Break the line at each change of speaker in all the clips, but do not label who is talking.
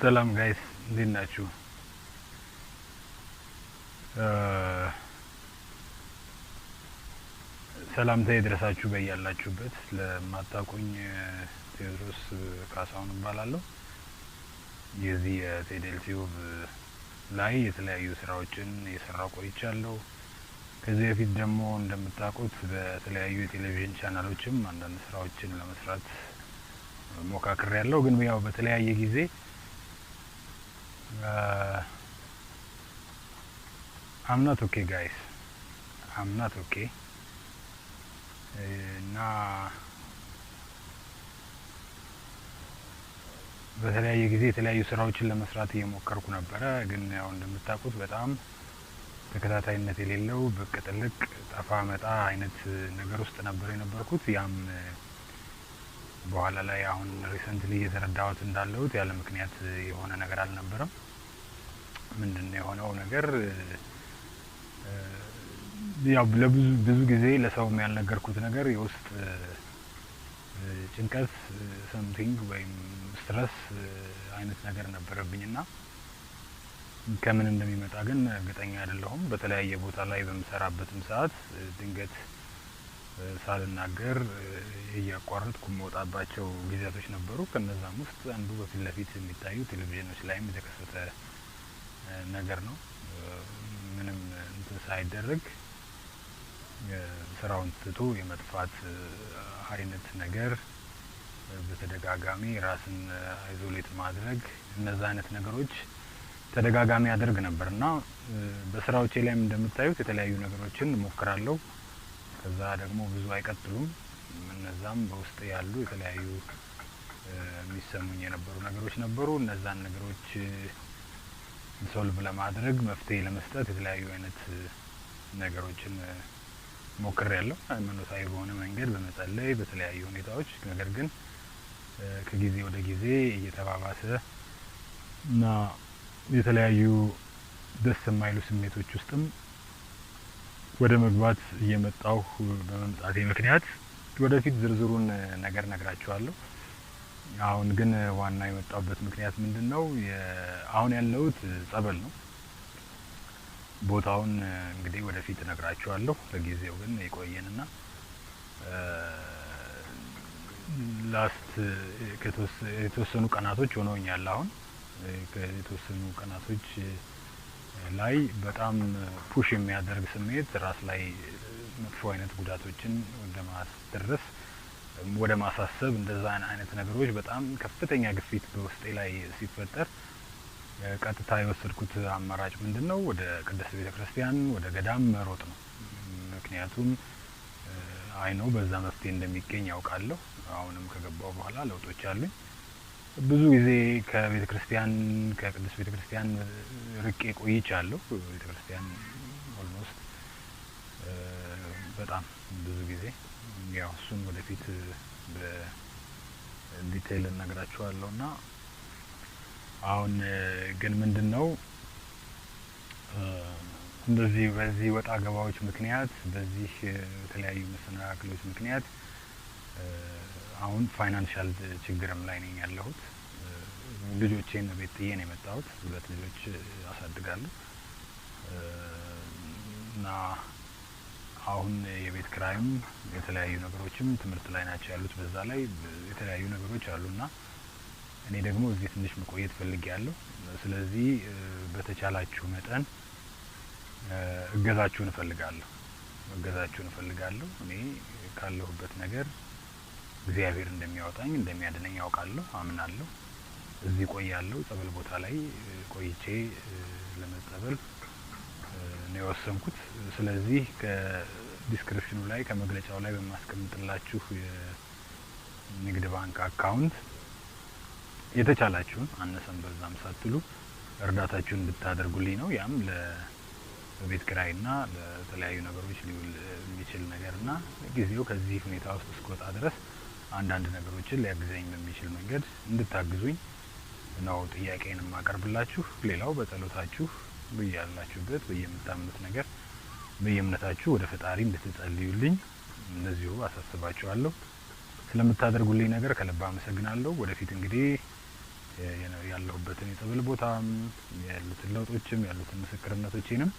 ሰላም ጋይስ እንዴት ናችሁ? ሰላምታ የደረሳችሁ በያላችሁበት። ለማታውቁኝ ቴዎድሮስ ካሳሁን እባላለሁ። የዚህ የቴዴል ቲዩብ ላይ የተለያዩ ስራዎችን የሰራው ቆይቻለሁ። ከዚህ በፊት ደግሞ እንደምታውቁት በተለያዩ የቴሌቪዥን ቻናሎችም አንዳንድ ስራዎችን ለመስራት ሞካክሬ ያለው ግን ያው በተለያየ ጊዜ Uh, I'm not okay guys I'm not okay እና uh, በተለያየ ጊዜ የተለያዩ ስራዎችን ለመስራት እየሞከርኩ ነበረ። ግን ያው እንደምታውቁት በጣም ተከታታይነት የሌለው ብቅ ጥልቅ ጠፋ መጣ አይነት ነገር ውስጥ ነበር የነበርኩት ያም በኋላ ላይ አሁን ሪሰንትሊ እየተረዳሁት እንዳለሁት ያለ ምክንያት የሆነ ነገር አልነበረም። ምንድን ነው የሆነው ነገር ያው ለብዙ ብዙ ጊዜ ለሰውም ያልነገርኩት ነገር የውስጥ ጭንቀት ሰምቲንግ ወይም ስትረስ አይነት ነገር ነበረብኝ ከምን እንደሚመጣ ግን እርግጠኛ አይደለሁም። በተለያየ ቦታ ላይ በምሰራበትም ሰዓት ድንገት ሳልናገር እያቋረጥኩ የምወጣባቸው ጊዜያቶች ነበሩ። ከነዛም ውስጥ አንዱ በፊት ለፊት የሚታዩ ቴሌቪዥኖች ላይም የተከሰተ ነገር ነው። ምንም እንትን ሳይደረግ ስራውን ትቶ የመጥፋት አይነት ነገር በተደጋጋሚ ራስን አይዞሌት ማድረግ እነዛ አይነት ነገሮች ተደጋጋሚ ያደርግ ነበር እና በስራዎቼ ላይም እንደምታዩት የተለያዩ ነገሮችን እሞክራለሁ። ከዛ ደግሞ ብዙ አይቀጥሉም። እነዛም በውስጥ ያሉ የተለያዩ የሚሰሙኝ የነበሩ ነገሮች ነበሩ። እነዛን ነገሮች ሶልቭ ለማድረግ መፍትሄ ለመስጠት የተለያዩ አይነት ነገሮችን ሞክር ያለው ሃይማኖታዊ በሆነ መንገድ በመጸለይ በተለያዩ ሁኔታዎች ነገር ግን ከጊዜ ወደ ጊዜ እየተባባሰ እና የተለያዩ ደስ የማይሉ ስሜቶች ውስጥም ወደ መግባት እየመጣሁ በመምጣቴ ምክንያት ወደፊት ዝርዝሩን ነገር ነግራችኋለሁ። አሁን ግን ዋና የመጣሁበት ምክንያት ምንድን ነው? አሁን ያለሁት ጸበል ነው። ቦታውን እንግዲህ ወደፊት ነግራችኋለሁ። ለጊዜው ግን የቆየንና ላስት የተወሰኑ ቀናቶች ሆነውኛል። አሁን የተወሰኑ ቀናቶች ላይ በጣም ፑሽ የሚያደርግ ስሜት ራስ ላይ መጥፎ አይነት ጉዳቶችን ወደ ማስደረስ ወደ ማሳሰብ እንደዛ አይነት ነገሮች በጣም ከፍተኛ ግፊት በውስጤ ላይ ሲፈጠር ቀጥታ የወሰድኩት አማራጭ ምንድን ነው? ወደ ቅድስት ቤተ ክርስቲያን ወደ ገዳም መሮጥ ነው። ምክንያቱም አይ ነው በዛ መፍትሄ እንደሚገኝ ያውቃለሁ። አሁንም ከገባው በኋላ ለውጦች አሉኝ። ብዙ ጊዜ ከቤተ ክርስቲያን ከቅዱስ ቤተ ክርስቲያን ርቄ ቆይቻለሁ። ቤተ ክርስቲያን ኦልሞስት በጣም ብዙ ጊዜ ያው እሱን ወደፊት በዲቴይል እነግራችኋለሁ እና አሁን ግን ምንድን ነው እንደዚህ በዚህ ወጣ ገባዎች ምክንያት በዚህ የተለያዩ መሰናክሎች ምክንያት አሁን ፋይናንሻል ችግርም ላይ ነኝ ያለሁት። ልጆቼን ቤት ጥዬ ነው የመጣሁት። ሁለት ልጆች አሳድጋለሁ እና አሁን የቤት ክራይም የተለያዩ ነገሮችም ትምህርት ላይ ናቸው ያሉት። በዛ ላይ የተለያዩ ነገሮች አሉና እኔ ደግሞ እዚህ ትንሽ መቆየት ፈልጌ ያለሁ። ስለዚህ በተቻላችሁ መጠን እገዛችሁን እፈልጋለሁ እገዛችሁን እፈልጋለሁ። እኔ ካለሁበት ነገር እግዚአብሔር እንደሚያወጣኝ እንደሚያድነኝ ያውቃለሁ፣ አምናለሁ። እዚህ ቆያለሁ። ጸበል ቦታ ላይ ቆይቼ ለመጸበል ነው የወሰንኩት። ስለዚህ ከዲስክሪፕሽኑ ላይ ከመግለጫው ላይ በማስቀምጥላችሁ የንግድ ባንክ አካውንት የተቻላችሁን አነሰን በዛም ሳትሉ እርዳታችሁን እንድታደርጉልኝ ነው። ያም ለቤት ኪራይና ለተለያዩ ነገሮች ሊውል የሚችል ነገርና ጊዜው ከዚህ ሁኔታ ውስጥ እስክወጣ ድረስ አንዳንድ ነገሮችን ሊያግዘኝ በሚችል መንገድ እንድታግዙኝ ነው ጥያቄን የማቀርብላችሁ። ሌላው በጸሎታችሁ በያላችሁበት በየምታምኑት ነገር በየእምነታችሁ ወደ ፈጣሪ እንድትጸልዩልኝ እነዚሁ አሳስባችኋለሁ። ስለምታደርጉልኝ ነገር ከልብ አመሰግናለሁ። ወደፊት እንግዲህ ያለሁበትን የጸበል ቦታም ያሉትን ለውጦችም ያሉትን ምስክርነቶችንም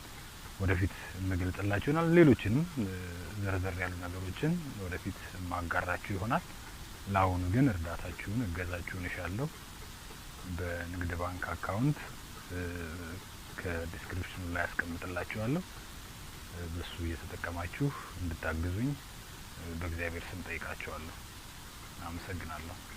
ወደፊት የምገልጽላችሁ ይሆናል። ሌሎችንም ዘርዘር ያሉ ነገሮችን ወደፊት ማጋራችሁ ይሆናል። ለአሁኑ ግን እርዳታችሁን፣ እገዛችሁን እሻለሁ። በንግድ ባንክ አካውንት ከዲስክሪፕሽኑ ላይ አስቀምጥላችኋለሁ። በሱ እየተጠቀማችሁ እንድታግዙኝ በእግዚአብሔር ስም ጠይቃችኋለሁ። አመሰግናለሁ።